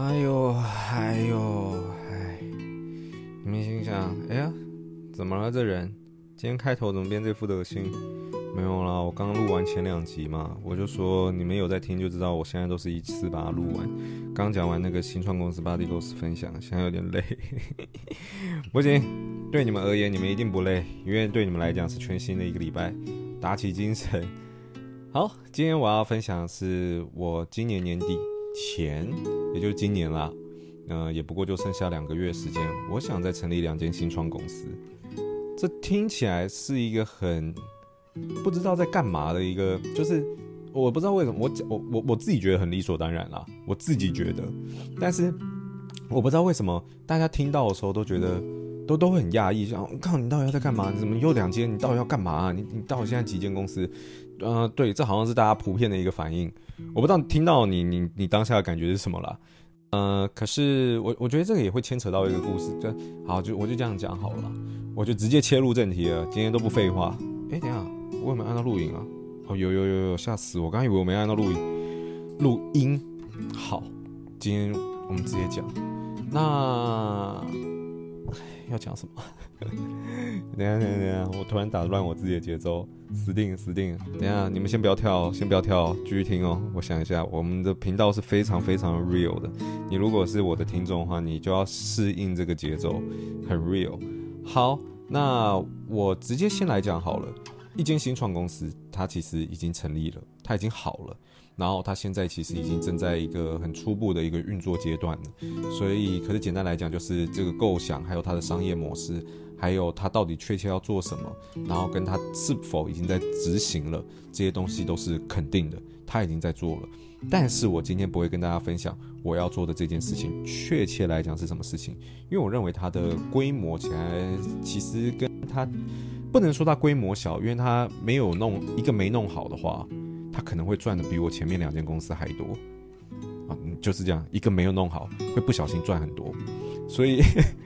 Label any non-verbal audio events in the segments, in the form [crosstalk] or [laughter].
哎呦，哎呦，哎！你們心想，哎呀，怎麼了這人？今天開頭怎麼變這副德行？沒有啦，我剛錄完前兩集嘛，我就說你們有在聽就知道，我現在都是一次把它錄完。剛講完那個新創公司八 DOS 分享，現在有點累， [laughs] 不行，對你們而言，你們一定不累，因為對你們來講是全新的一個禮拜，打起精神。好，今天我要分享的是我今年年底。前，也就是今年啦，嗯、呃，也不過就剩下兩個月時間。我想再成立兩間新創公司，這聽起來是一個很不知道在幹嘛的一個，就是我不知道為什麼我我我我自己覺得很理所當然啦，我自己覺得，但是我不知道為什麼大家聽到的時候都覺得都都會很壓抑訝異，想靠你到底要在幹嘛？你怎麼又兩間？你到底要幹嘛？你你到底現在幾間公司？嗯、呃，對，這好像是大家普遍的一個反應，我不知道聽到你你你當下的感覺是什麼啦。嗯、呃，可是我我覺得這個也會牽扯到一個故事，就好就我就這樣講好了啦，我就直接切入正題了，今天都不廢話。哎、欸，等一下我有沒有按到錄音啊？哦有有有有，嚇死我！剛以為我沒按到錄音。錄音，好，今天我們直接講，那要講什麼？ [laughs] 等一下等下等下，我突然打亂我自己的節奏，死定了死定了！等一下你們先不要跳，先不要跳，繼續聽哦。我想一下，我們的頻道是非常非常 real 的。你如果是我的聽眾的話，你就要適應這個節奏，很 real。好，那我直接先來講好了。一間新創公司，它其實已經成立了，它已經好了，然後它現在其實已經正在一個很初步的一個運作階段了。所以，可是簡單來講，就是這個構想還有它的商業模式。還有他到底確切要做什麼，然後跟他是否已經在執行了，這些東西都是肯定的，他已經在做了。但是我今天不會跟大家分享我要做的這件事情確切來講是什麼事情，因為我認為它的規模起來其實跟他不能說它規模小，因為它沒有弄一個沒弄好的話，它可能會賺得比我前面兩間公司還多啊，就是這樣，一個沒有弄好會不小心賺很多，所以。 [laughs]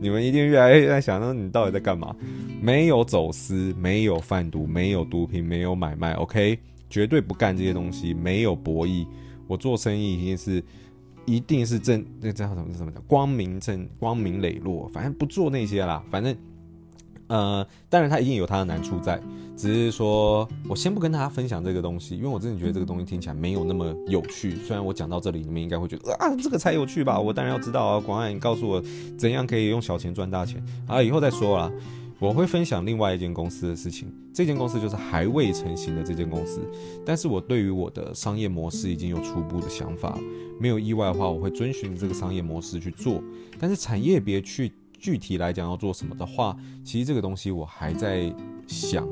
你們一定越來越在想，那你到底在幹嘛？沒有走私，沒有販毒，沒有毒品，沒有買賣，OK，絕對不幹這些東西。沒有博弈，我做生意一定是，一定是正，那叫什麼？什麼的？光明正，光明磊落。反正不做那些啦。反正，呃，當然他一定有他的難處在。只是說，我先不跟大家分享這個東西，因為我真的覺得這個東西聽起來沒有那麼有趣。雖然我講到這裡，你們應該會覺得啊，這個才有趣吧？我當然要知道啊，廣安你告訴我怎樣可以用小錢賺大錢啊，以後再說啦。我會分享另外一間公司的事情，這間公司就是還未成型的這間公司。但是我對於我的商業模式已經有初步的想法了。沒有意外的話，我會遵循這個商業模式去做。但是產業別去具體來講要做什麼的話，其實這個東西我還在想。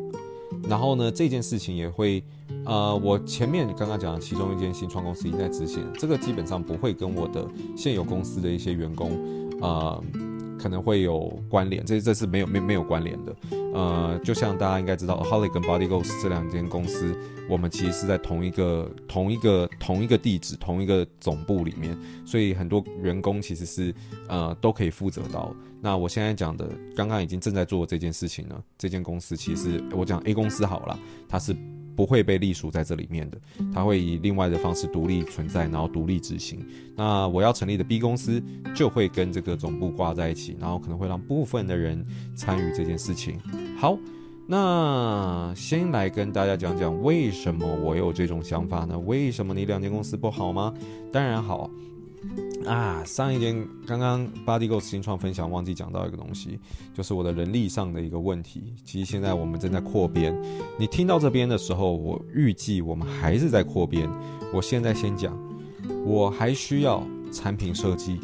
然後呢，這件事情也會，呃，我前面剛剛講的其中一間新創公司已經在執行，這個基本上不會跟我的現有公司的一些員工，啊、呃。可能會有關聯，這這是沒有沒有沒有關聯的。呃，就像大家應該知道，Holly 跟 BodyGoes 這兩間公司，我們其實是在同一個同一個同一個地址，同一個總部裡面，所以很多員工其實是呃都可以負責到。那我現在講的，剛剛已經正在做這件事情了。這間公司其實我講 A 公司好了，它是。不會被隸屬在這裡面的，它會以另外的方式獨立存在，然後獨立執行。那我要成立的 B 公司就會跟這個總部掛在一起，然後可能會讓部分的人參與這件事情。好，那先來跟大家講講為什麼我有這種想法呢？為什麼你兩間公司不好嗎？當然好。啊，上一天剛剛 BodyGo 新創分享忘記講到一個東西，就是我的人力上的一個問題。其實現在我們正在擴編，你聽到這邊的時候，我預計我們還是在擴編。我現在先講，我還需要產品設計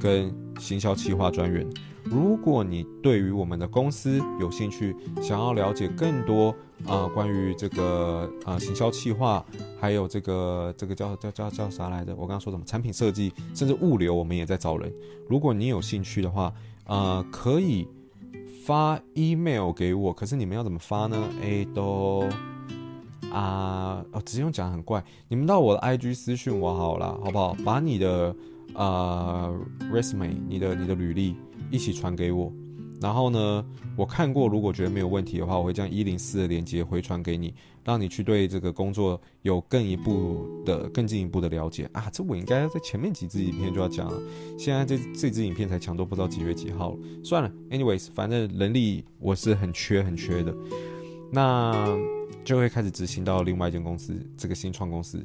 跟。行銷企劃專員，如果你對於我們的公司有興趣，想要了解更多啊、呃，關於這個啊、呃、行銷企劃，還有這個這個叫叫叫叫啥來着？我剛剛說什麼？產品設計，甚至物流，我們也在找人。如果你有興趣的話，啊、呃，可以發 email 給我。可是你們要怎麼發呢？誒，都啊哦，直接用講很怪。你們到我的 IG 私訊我好了，好不好？把你的。啊，resume，你的你的履歷一起傳給我，然後呢，我看過，如果覺得沒有問題的話，我會將一零四的鏈接回傳給你，讓你去對這個工作有更一步的、更進一步的了解啊。這我應該在前面幾支影片就要講了。現在這這支影片才講都不知道幾月幾號了。算了，anyways，反正人力我是很缺很缺的，那就會開始執行到另外一間公司，這個新創公司。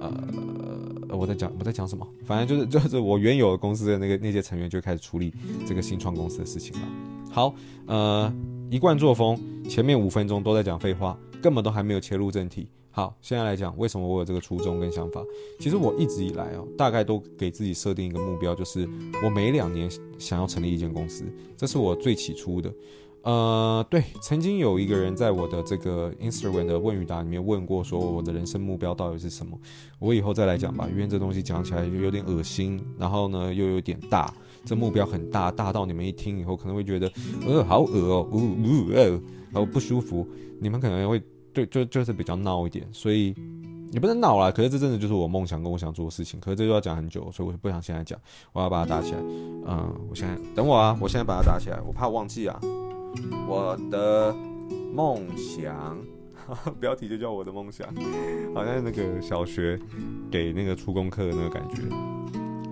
呃，我在講我在講什麼？反正就是就是我原有的公司的那個那些成員就開始處理這個新創公司的事情了。好，呃，一貫作風，前面五分鐘都在講廢話，根本都還沒有切入正題。好，現在來講為什麼我有這個初衷跟想法。其實我一直以來哦，大概都給自己設定一個目標，就是我每兩年想要成立一間公司，這是我最起初的。呃，對，曾經有一個人在我的這個 Instagram 的問與答裡面問過，說我的人生目標到底是什麼？我以後再來講吧，因為這東西講起來就有點噁心，然後呢又有點大，這目標很大，大到你們一聽以後可能會覺得，呃，好噁、呃、哦，嗚嗚，呃，然、呃、後不舒服，你們可能會對，就就，就是比較鬧一點，所以也不能鬧啦。可是這真的就是我夢想跟我想做的事情，可是這又要講很久，所以我不想現在講，我要把它打起來。嗯、呃，我現在等我啊，我現在把它打起來，我怕忘記啊。我的夢想， [laughs] 標題就叫我的夢想，好像那個小學給那個出功課的那個感覺。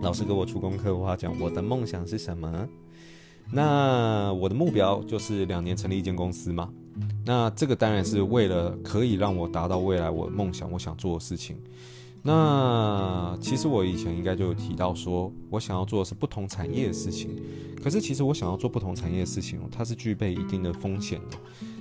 老師給我出功課，的話講我的夢想是什麼？那我的目標就是兩年成立一間公司嘛。那這個當然是為了可以讓我達到未來我的夢想，我想做的事情。那其實我以前應該就有提到，說我想要做的是不同產業的事情，可是其實我想要做不同產業的事情，它是具備一定的風險的。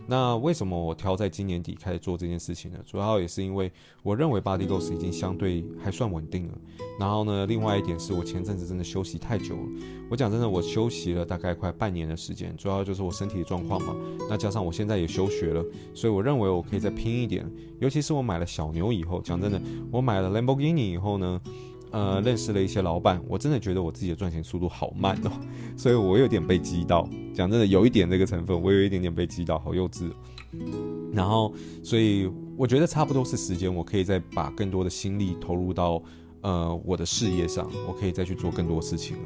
那為什麼我挑在今年底開始做這件事情呢？主要也是因為我認為 body ghost 已經相對還算穩定了。然後呢，另外一點是我前陣子真的休息太久了。我講真的，我休息了大概快半年的時間，主要就是我身體的狀況嘛。那加上我現在也休學了，所以我認為我可以再拼一點。尤其是我買了小牛以後，講真的，我買了 Lamborghini 以後呢。呃，認識了一些老闆，我真的覺得我自己的賺錢速度好慢哦，所以我有點被激到。講真的，有一點這個成分，我有一點點被激到，好幼稚哦。然後，所以我覺得差不多是時間，我可以再把更多的心力投入到呃我的事業上,我可以再去做更多事情了。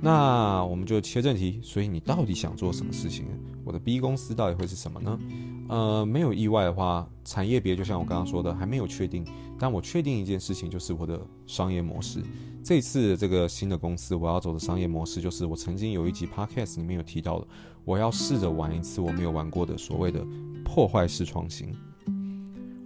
那我們就切正題，所以你到底想做什麼事情？我的 B 公司到底會是什麼呢？呃，沒有意外的話，產業別就像我剛剛說的還沒有確定，但我確定一件事情就是我的商業模式。這次這個新的公司我要走的商業模式就是我曾經有一集 Podcast 裡面有提到的，我要試着玩一次我沒有玩過的所謂的破壞式創新。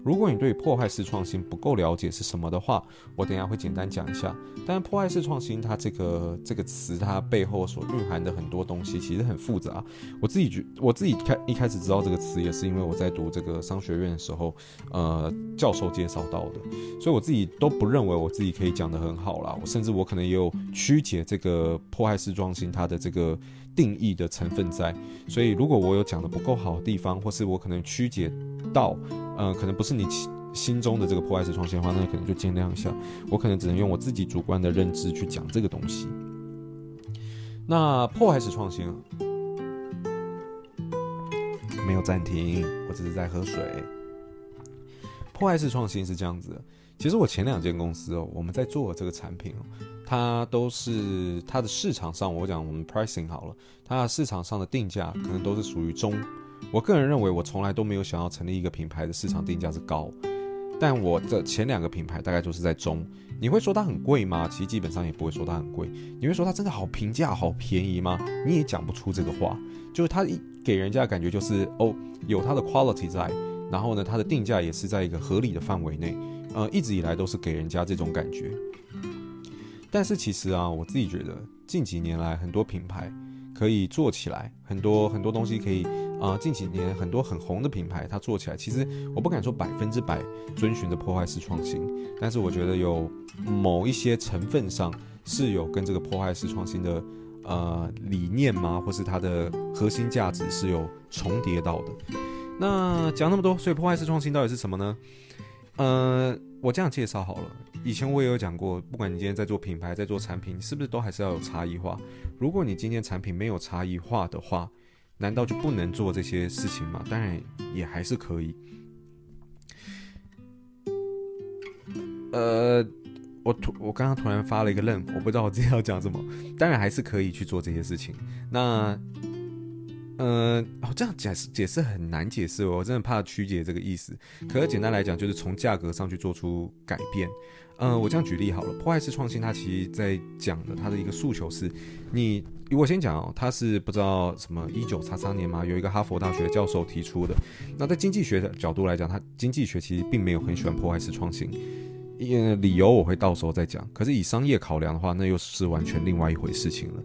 如果你對破壞式創新不夠了解是什麼的話，我等一下會簡單講一下。但是破壞式創新，它這個這個詞，它背後所蘊含的很多東西其實很複雜啊。我自己覺，我自己開一開始知道這個詞，也是因為我在讀這個商學院的時候，呃，教授介紹到的。所以我自己都不認為我自己可以講得很好啦。我甚至我可能也有曲解這個破壞式創新它的這個。定義的成分在，所以如果我有講的不夠好的地方，或是我可能曲解到，嗯、呃，可能不是你心中的這個破壞式創新的話，那你可能就見諒一下。我可能只能用我自己主觀的認知去講這個東西。那破壞式創新、啊、沒有暫停，我只是在喝水。破壞式創新是這樣子，其實我前兩間公司哦，我們在做這個產品哦。它都是它的市場上，我講我們 pricing 好了，它的市場上的定價可能都是屬於中。我個人認為，我從來都沒有想要成立一個品牌的市場定價是高，但我的前兩個品牌大概就是在中。你會說它很貴嗎？其實基本上也不會說它很貴。你會說它真的好平價、好便宜嗎？你也講不出這個話。就是它一給人家的感覺就是哦，有它的 quality 在，然後呢，它的定價也是在一個合理的範圍內。呃，一直以來都是給人家這種感覺。但是其實啊，我自己覺得近幾年來很多品牌可以做起來，很多很多東西可以啊、呃。近幾年很多很紅的品牌，它做起來其實我不敢說百分之百遵循着破壞式創新，但是我覺得有某一些成分上是有跟這個破壞式創新的呃理念嘛，或是它的核心價值是有重疊到的。那講那麼多，所以破壞式創新到底是什麼呢？呃，我這樣介紹好了。以前我也有講過，不管你今天在做品牌，在做產品，是不是都還是要有差異化？如果你今天產品沒有差異化的話，難道就不能做這些事情嗎？當然，也還是可以。呃，我突我剛剛突然發了一個愣，我不知道我今天要講什麼。當然，還是可以去做這些事情。那，呃，哦，這樣解釋解釋很難解釋哦，我真的怕曲解這個意思。可是簡單來講，就是從價格上去做出改變。嗯，我這樣舉例好了。破壞式創新，它其實在講的，它的一個訴求是，你我先講哦，它是不知道什麼1933年嘛，有一個哈佛大學教授提出的。那在經濟學的角度來講，他經濟學其實並沒有很喜歡破壞式創新，因為理由我會到時候再講。可是以商業考量的話，那又是完全另外一回事情了。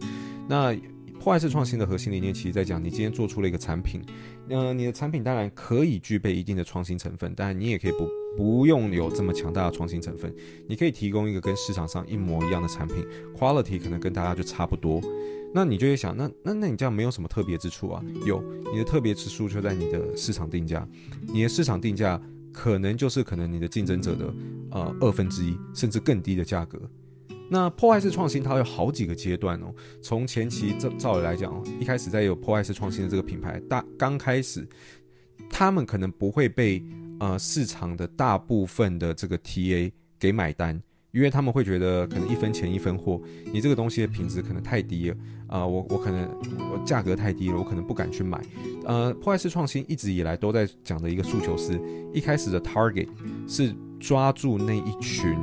那。壞事創新的核心理念，其實在講，你今天做出了一個產品，那、呃、你的產品當然可以具備一定的創新成分，但你也可以不不用有這麼強大的創新成分，你可以提供一個跟市場上一模一樣的產品，quality 可能跟大家就差不多，那你就會想，那那那你這樣沒有什麼特別之處啊？有，你的特別之處就在你的市場定價，你的市場定價可能就是可能你的競爭者的呃二分之一甚至更低的價格。那破壞式創新它有好幾個階段哦。從前期照照理來講，哦，一開始在有破壞式創新的這個品牌大，大剛開始，他們可能不會被呃市場的大部分的這個 TA 給買單，因為他們會覺得可能一分錢一分貨，你這個東西的品質可能太低了啊，呃。我我可能我價格太低了，我可能不敢去買。呃，破壞式創新一直以來都在講的一個訴求是，一開始的 target 是抓住那一群。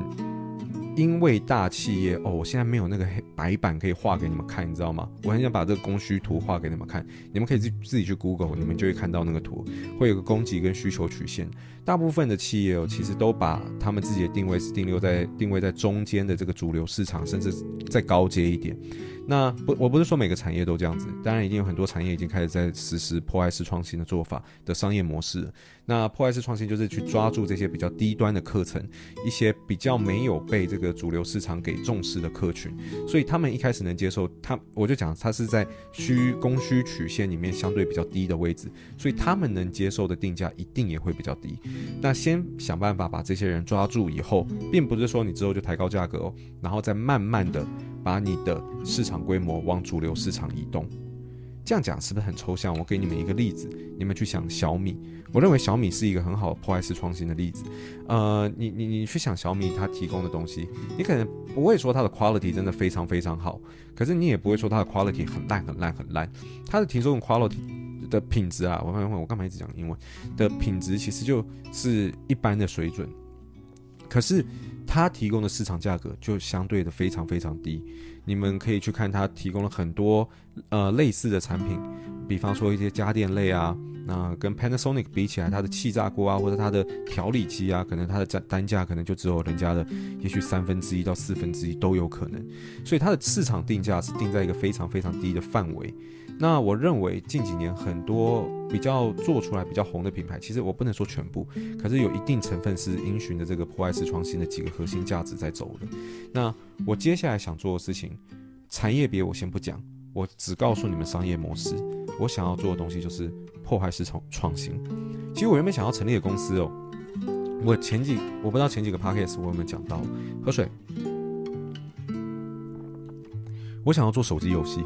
因為大企業哦，我現在沒有那個黑白板可以畫給你們看，你知道嗎？我很想把這個供需圖畫給你們看，你們可以自自己去 Google，你們就會看到那個圖，會有個供給跟需求曲線。大部分的企業哦，其實都把他們自己的定位是停留在定位在中間的這個主流市場，甚至再高階一點。那不，我不是說每個產業都這樣子，當然已經有很多產業已經開始在實施破壞式創新的做法的商業模式。那破壞式創新就是去抓住這些比較低端的客層，一些比較沒有被這個主流市場給重視的客群，所以他們一開始能接受，他我就講他是在需供需曲線裡面相對比較低的位置，所以他們能接受的定價一定也會比較低。那先想辦法把這些人抓住以後，並不是說你之後就抬高價格哦，然後再慢慢的把你的市場規模往主流市場移動。這樣講是不是很抽象？我給你們一個例子，你們去想小米。我認為小米是一個很好的破壞式創新的例子。呃，你你你去想小米它提供的東西，你可能不會說它的 quality 真的非常非常好，可是你也不會說它的 quality 很爛很爛很爛。它的提供用 quality。的品質啊，我剛問我幹嘛一直講英文？的品質其實就是一般的水準，可是它提供的市場價格就相對的非常非常低。你們可以去看它提供了很多呃類似的產品，比方說一些家電類啊，那、啊、跟 Panasonic 比起來，它的氣炸鍋啊，或者它的調理機啊，可能它的價單價可能就只有人家的也許三分之一到四分之一都有可能，所以它的市場定價是定在一個非常非常低的範圍。那我認為近幾年很多比較做出來比較紅的品牌，其實我不能說全部，可是有一定成分是因循著這個破壞式創新的幾個核心價值在走的。那我接下來想做的事情，產業別我先不講，我只告訴你們商業模式。我想要做的東西就是破壞式創創新。其實我原本想要成立的公司哦，我前幾我不知道前幾個 podcast 我有沒有講到，喝水，我想要做手機遊戲。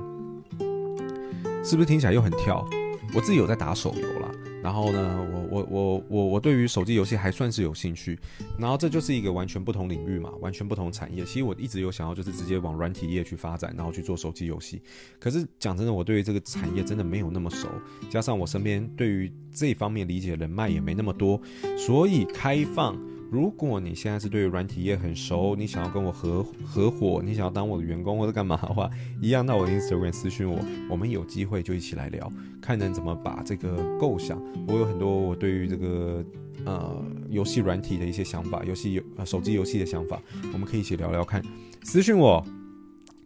是不是聽起來又很跳？我自己有在打手遊啦，然後呢，我我我我我對於手機遊戲還算是有興趣，然後這就是一個完全不同領域嘛，完全不同產業。其實我一直有想要就是直接往軟體業去發展，然後去做手機遊戲。可是講真的，我對於這個產業真的沒有那麼熟，加上我身邊對於這方面理解人脈也沒那麼多，所以開放。如果你現在是對於軟體業很熟，你想要跟我合合夥，你想要當我的員工或者幹嘛的話，一樣到我的 Instagram 私訊我，我們有機會就一起來聊，看能怎麼把這個構想。我有很多我對於這個呃遊戲軟體的一些想法，遊戲遊、呃、手機遊戲的想法，我們可以一起聊聊看。私訊我，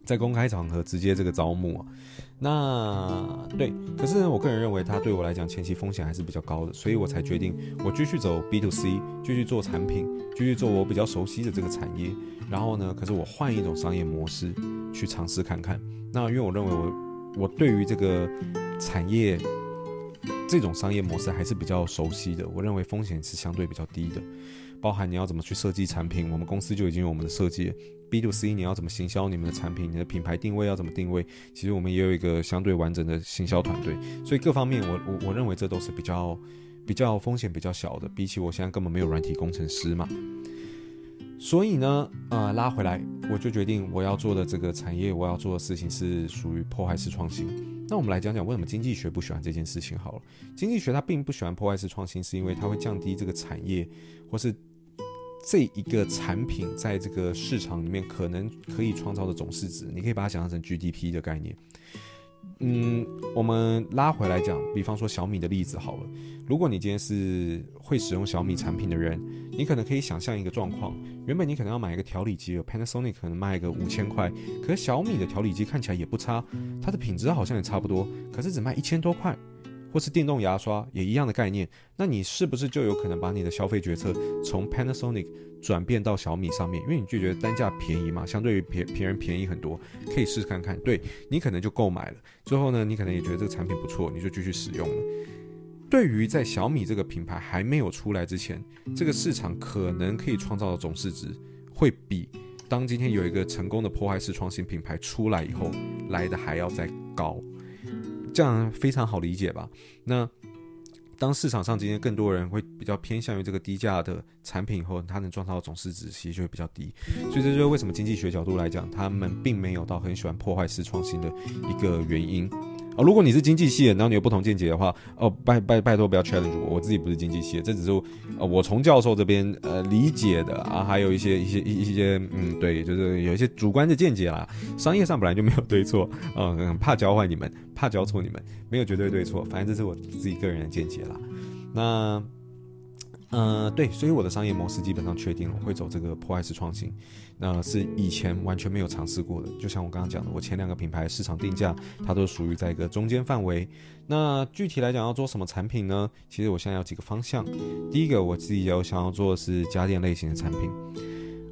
在公開場合直接這個招募、啊。那對，可是我個人認為，它對我來講前期風險還是比較高的，所以我才決定我繼續走 B to C，繼續做產品，繼續做我比較熟悉的這個產業。然後呢，可是我換一種商業模式去嘗試看看。那因為我認為我我對於這個產業。這種商業模式還是比較熟悉的，我認為風險是相對比較低的，包含你要怎麼去設計產品，我們公司就已經有我們的設計。B to C，你要怎麼行銷你們的產品，你的品牌定位要怎麼定位，其實我們也有一個相對完整的行銷團隊。所以各方面我，我我我認為這都是比較比較風險比較小的。比起我現在根本沒有軟體工程師嘛。所以呢，呃，拉回來，我就決定我要做的這個產業，我要做的事情是屬於破壞式創新。那我們來講講為什麼經濟學不喜歡這件事情好了。經濟學它並不喜歡破壞式創新，是因為它會降低這個產業或是這一個產品在這個市場裡面可能可以創造的總市值。你可以把它想象成 GDP 的概念。嗯，我們拉回來講，比方說小米的例子好了。如果你今天是會使用小米產品的人，你可能可以想象一個狀況：原本你可能要買一個調理機，有 Panasonic 可能賣個五千塊，可是小米的調理機看起來也不差，它的品質好像也差不多，可是只賣一千多塊。或是電動牙刷也一樣的概念，那你是不是就有可能把你的消費決策從 Panasonic 轉變到小米上面？因為你就覺得單價便宜嘛，相對於別別人便宜很多，可以試試看看，對，你可能就購買了。最後呢，你可能也覺得這個產品不錯，你就繼續使用了。對，於在小米這個品牌還沒有出來之前，這個市場可能可以創造的總市值會比當今天有一個成功的破壞式創新品牌出來以後來的還要再高。這樣非常好理解吧？那當市場上今天更多人會比較偏向於這個低價的產品以後，它能創造總市值其實就會比較低，所以這就是為什麼經濟學角度來講，他們並沒有到很喜歡破壞式創新的一個原因。哦、如果你是經濟系的，然後你有不同見解的話，哦，拜拜拜托不要 challenge 我，我自己不是經濟系的，這只是我,、呃、我從教授這邊呃理解的啊，還有一些一些一一些嗯，對，就是有一些主觀的見解啦。商業上本來就沒有對錯，嗯、呃，怕教壞你們，怕教錯你們，沒有絕對對錯，反正這是我自己個人的見解啦。那嗯、呃，對，所以我的商業模式基本上確定了，我會走這個破壞式創新。那、呃、是以前完全沒有嘗試過的，就像我剛剛講的，我前兩個品牌市場定價，它都屬於在一個中間範圍。那具體來講要做什麼產品呢？其實我現在有幾個方向，第一個我自己有想要做的是家電類型的產品，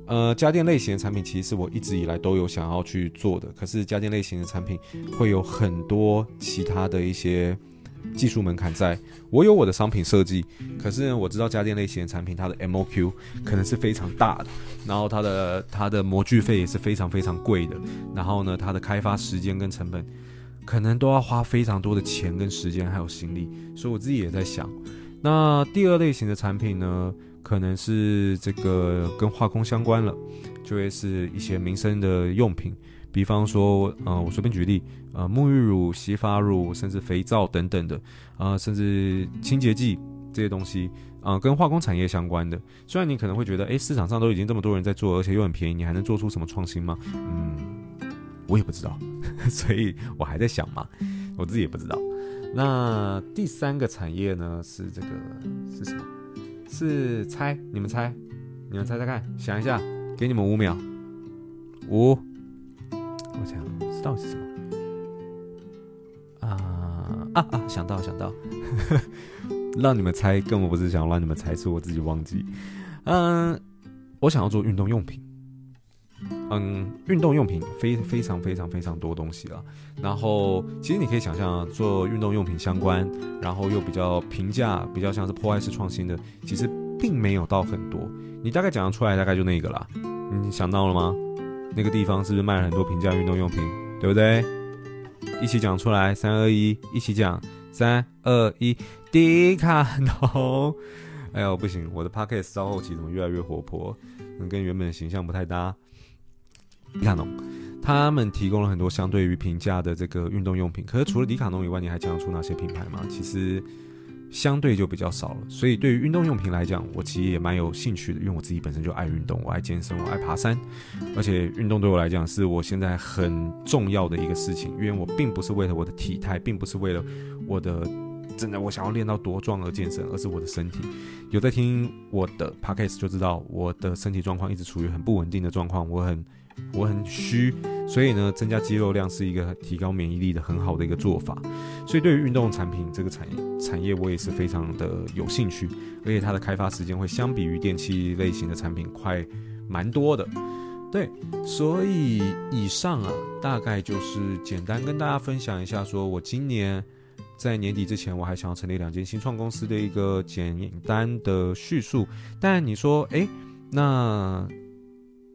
呃，家電類型的產品其實是我一直以來都有想要去做的，可是家電類型的產品會有很多其他的一些。技術門檻在，我有我的商品設計，可是我知道家電類型的產品，它的 MOQ 可能是非常大的，然後它的它的模具費也是非常非常貴的，然後呢，它的開發時間跟成本，可能都要花非常多的錢跟時間還有心力，所以我自己也在想，那第二類型的產品呢，可能是這個跟化工相關了，就會是一些民生的用品。比方說，呃，我隨便舉例，呃，沐浴乳、洗髮乳，甚至肥皂等等的，啊、呃，甚至清潔劑這些東西，呃，跟化工產業相關的。雖然你可能會覺得，哎、欸，市場上都已經這麼多人在做，而且又很便宜，你還能做出什麼創新嗎？嗯，我也不知道， [laughs] 所以我還在想嘛，我自己也不知道。那第三個產業呢，是這個，是什麼？是猜？你們猜，你們猜猜看，想一下，給你們五秒，五。我想知道是什麼？啊啊啊！想到想到， [laughs] 讓你們猜根本不是想讓你們猜，是我自己忘記。嗯、啊，我想要做運動用品。嗯，運動用品非非常非常非常多東西了。然後，其實你可以想象，做運動用品相關，然後又比較平價，比較像是破壞式創新的，其實並沒有到很多。你大概講得出來，大概就那個啦。你、嗯、想到了嗎？那個地方是不是賣了很多平價運動用品？對不對？一起講出來，三二一，一起講，三二一，迪卡儂。哎呦，不行，我的 podcast 到後期怎麼越來越活潑？跟原本的形象不太搭。迪卡儂，他們提供了很多相對於平價的這個運動用品。可是除了迪卡儂以外，你還講出哪些品牌嗎？其實。相對就比較少了，所以對於運動用品來講，我其實也蠻有興趣的。因為我自己本身就愛運動，我愛健身，我愛爬山，而且運動對我來講是我現在很重要的一個事情。因為我並不是為了我的體態，並不是為了我的，真的我想要練到多壯而健身，而是我的身體。有在聽我的 podcast 就知道我的身體狀況一直處於很不穩定的狀況，我很，我很虛。所以呢，增加肌肉量是一個提高免疫力的很好的一個做法。所以對於運動產品這個產業產業，我也是非常的有興趣。而且它的開發時間會相比於電器類型的產品快蠻多的。對，所以以上啊，大概就是簡單跟大家分享一下，說我今年在年底之前，我還想要成立兩間新創公司的一個簡單的敘述。但你說，哎，那。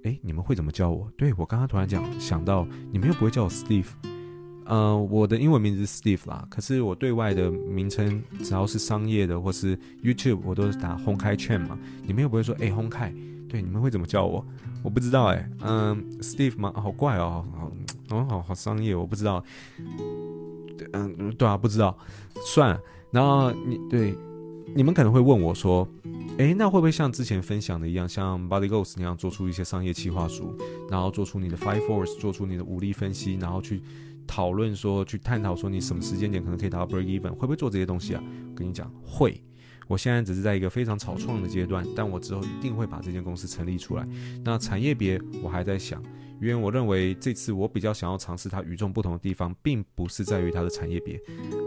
哎、欸，你們會怎麼叫我？對，我剛剛突然講想到，你們又不會叫我 Steve，嗯、呃，我的英文名字是 Steve 啦。可是我對外的名稱只要是商業的或是 YouTube，我都是打 Hong Kai Chan 嘛。你們又不會說哎、欸、，Hong Kai 對，你們會怎麼叫我？我不知道哎、欸，嗯、呃、，Steve 嘛、啊、好怪哦、喔，好，好好好商業，我不知道。嗯，對啊，不知道，算了。然後你對，你們可能會問我說。誒、欸，那會不會像之前分享的一樣，像 Body Goals 那樣做出一些商業企劃書，然後做出你的 Five f o r c e 做出你的武力分析，然後去討論說，去探討說你什麼時間點可能可以達到 Break Even，會不會做這些東西啊？我跟你講，會。我現在只是在一個非常草創的階段，但我之後一定會把這間公司成立出來。那產業別，我還在想，因為我認為這次我比較想要嘗試它與眾不同的地方，並不是在於它的產業別，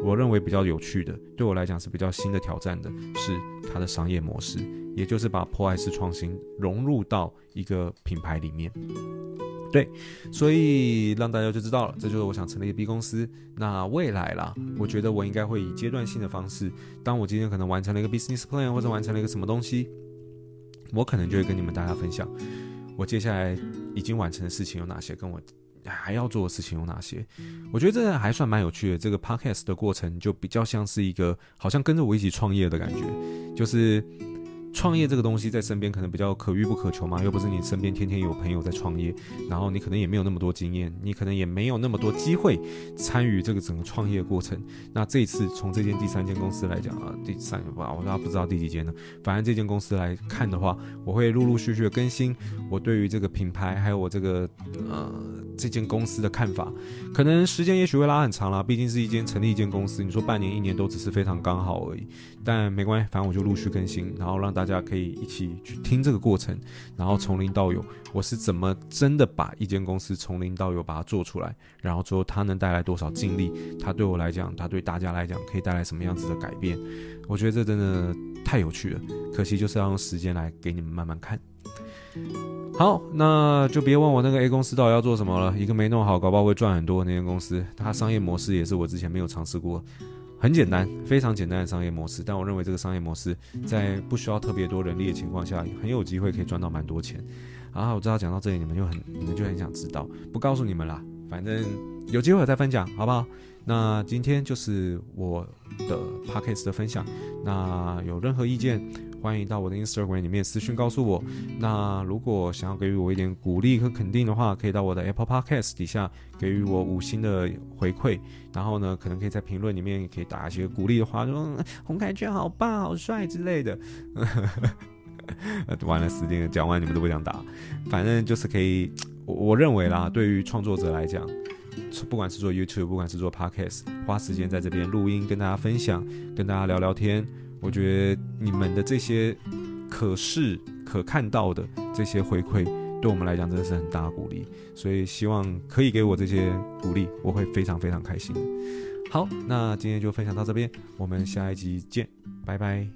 我認為比較有趣的，對我來講是比較新的挑戰的是它的商業模式，也就是把破壞式創新融入到一個品牌裡面。對，所以讓大家就知道了，這就是我想成立一個 B 公司。那未來啦，我覺得我應該會以階段性的方式，當我今天可能完成了一個 business plan 或者完成了一個什麼東西，我可能就會跟你們大家分享我接下來已經完成的事情有哪些，跟我還要做的事情有哪些。我覺得這還算蠻有趣的，這個 podcast 的過程就比較像是一個好像跟着我一起創業的感覺，就是。創業這個東西在身邊可能比較可遇不可求嘛，又不是你身邊天天有朋友在創業，然後你可能也沒有那麼多經驗，你可能也沒有那麼多機會參與這個整個創業過程。那這一次從這間第三間公司來講啊，第三，哇，我都不知道第幾間了。反正這間公司來看的話，我會陸陸續續的更新我對於這個品牌還有我這個呃這間公司的看法。可能時間也許會拉很長啦，畢竟是一間成立一間公司，你說半年一年都只是非常剛好而已。但沒關係，反正我就陸續更新，然後讓大家可以一起去聽這個過程，然後從零到有，我是怎麼真的把一間公司從零到有把它做出來，然後最後它能帶來多少淨利？它對我來講，它對大家來講可以帶來什麼樣子的改變，我覺得這真的太有趣了。可惜就是要用時間來給你們慢慢看。好，那就別問我那個 A 公司到底要做什麼了，一個沒弄好搞不好會賺很多。那間公司它商業模式也是我之前沒有嘗試過。很簡單，非常簡單的商業模式，但我認為這個商業模式在不需要特別多人力的情況下，很有機會可以賺到蠻多錢。好，我知道講到這裡，你們就很你們就很想知道，不告訴你們啦，反正有機會再分享，好不好？那今天就是我的 podcast 的分享。那有任何意見，歡迎到我的 Instagram 裡面私信告訴我。那如果想要給予我一點鼓勵和肯定的話，可以到我的 Apple Podcast 底下給予我五星的回饋。然後呢，可能可以在評論裡面可以打一些鼓勵的話，說“洪愷圈好棒、好帥”之類的。 [laughs] 完了，死定了，講完你們都不想打。反正就是可以，我,我認為啦，對於創作者來講。不管是做 YouTube，不管是做 Podcast，花時間在這邊錄音，跟大家分享，跟大家聊聊天，我覺得你們的這些可視、可看到的這些回饋，對我們來講真的是很大的鼓勵。所以希望可以給我這些鼓勵，我會非常非常開心。好，那今天就分享到這邊，我們下一集見，拜拜。